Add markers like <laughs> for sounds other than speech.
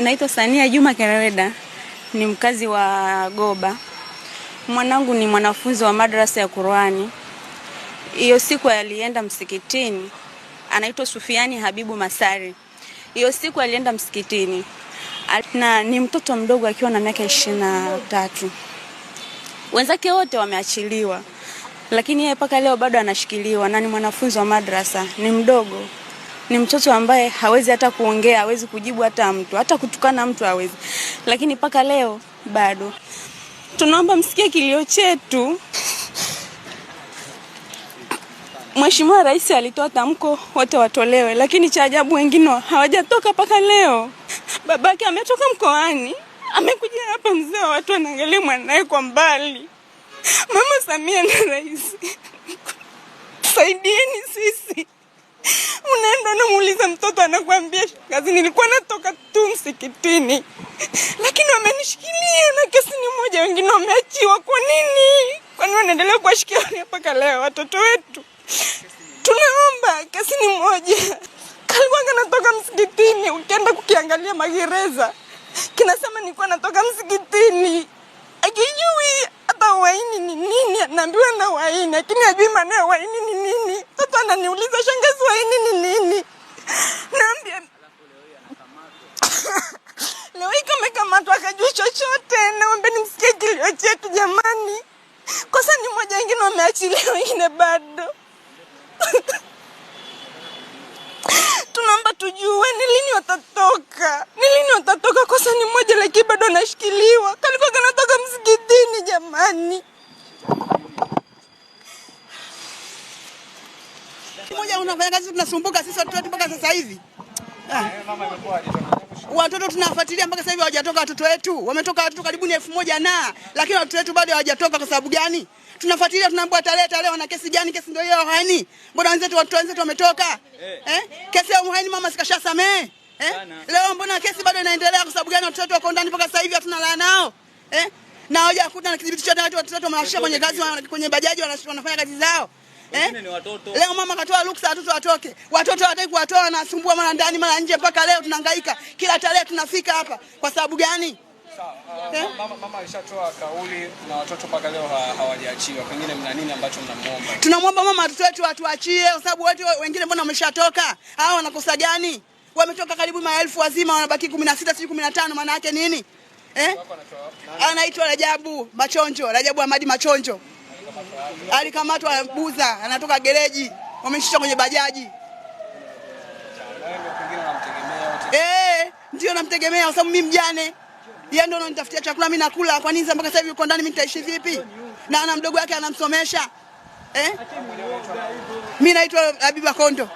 Naitwa Sania Juma Kereweda, ni mkazi wa Goba. Mwanangu ni mwanafunzi wa madrasa ya Qurani. Hiyo siku alienda msikitini, anaitwa Sufiani Habibu Masari. Hiyo siku alienda msikitini na ni mtoto mdogo akiwa na miaka ishirini na tatu. Wenzake wote wameachiliwa, lakini yeye mpaka leo bado anashikiliwa na ni mwanafunzi wa madrasa, ni mdogo ni mtoto ambaye hawezi hata kuongea, hawezi kujibu hata mtu, hata kutukana mtu hawezi, lakini mpaka leo bado tunaomba msikie kilio chetu. Mheshimiwa Rais alitoa tamko wote watolewe, lakini cha ajabu wengine hawajatoka mpaka leo. Babake ametoka mkoani, amekuja hapa mzee wa watu anaangalia mwanaye kwa mbali. Mama Samia na Rais, saidieni sisi unaenda unamuuliza mtoto, anakuambia kazi nilikuwa natoka tu msikitini, <laughs> lakini wamenishikilia na kesi ni moja, wengine wameachiwa. Kwa nini? Kwani wanaendelea kuwashikilia <laughs> mpaka leo watoto wetu? Tunaomba kesi ni moja. Kalikuwa natoka msikitini, ukienda kukiangalia magereza kinasema nilikuwa natoka msikitini, akijui hata waini ni nini, anaambiwa na waini lakini ajui maana ya waini ni nini. Sasa ananiuliza mtu akajua chochote. Naombeni msikie kilio chetu jamani, kosa ni moja, wengine wameachilia, wengine bado <laughs> tunaomba tujue ni lini watatoka, ni lini watatoka. Kosa ni moja, lakini bado anashikiliwa. Kalikuwa kanatoka msikitini jamani. Moja unafanya kazi, tunasumbuka sisi watoto mpaka sasa hivi ah. Eh, watoto tunafuatilia mpaka sasa hivi hawajatoka watoto wetu. Wametoka watoto karibuni elfu moja na lakini watoto wetu bado hawajatoka. Kwa sababu gani? Tunafuatilia, tunaambiwa tarehe tarehe, wana kesi gani? Kesi ndio hiyo ya uhaini. Mbona wenzetu watoto wenzetu wametoka eh? eh? kesi ya uhaini mama sikashasamee eh? Leo mbona kesi bado inaendelea? Kwa sababu gani? Watoto wetu wako ndani mpaka sasa hivi hatuna laa nao eh? na hawajakuta na kidhibitisho, watoto wetu wamewashia kwenye kazi, kwenye bajaji wanafanya kazi zao eh? Leo mama katoa ruksa watoto watoke, watoto hawataki kuwatoa, wanasumbua mara ndani mara nje, mpaka leo tunahangaika, kila tarehe tunafika hapa. Kwa sababu gani? Eh? Uh, Mama, mama alishatoa kauli na watoto mpaka leo hawajaachiwa. Pengine mna nini ambacho mnamuomba? Tunamwomba mama watoto wetu watuachie, kwa sababu watu wengine mbona wameshatoka, Hao wanakosa gani? Wametoka karibu maelfu wazima, wanabaki 16 sijui 15, maana yake nini eh? Anaitwa Rajabu Machonjo, Rajabu Hamadi Machonjo alikamatwa Buza, anatoka gereji, wamemshusha kwenye bajaji. Eh, ndio namtegemea kwa sababu mimi mjane, yeye ndio ananitafutia chakula, mimi nakula. Kwa nini mpaka sasa hivi uko ndani, mimi nitaishi vipi? na ana mdogo wake anamsomesha eh? Mimi naitwa Habiba Kondo.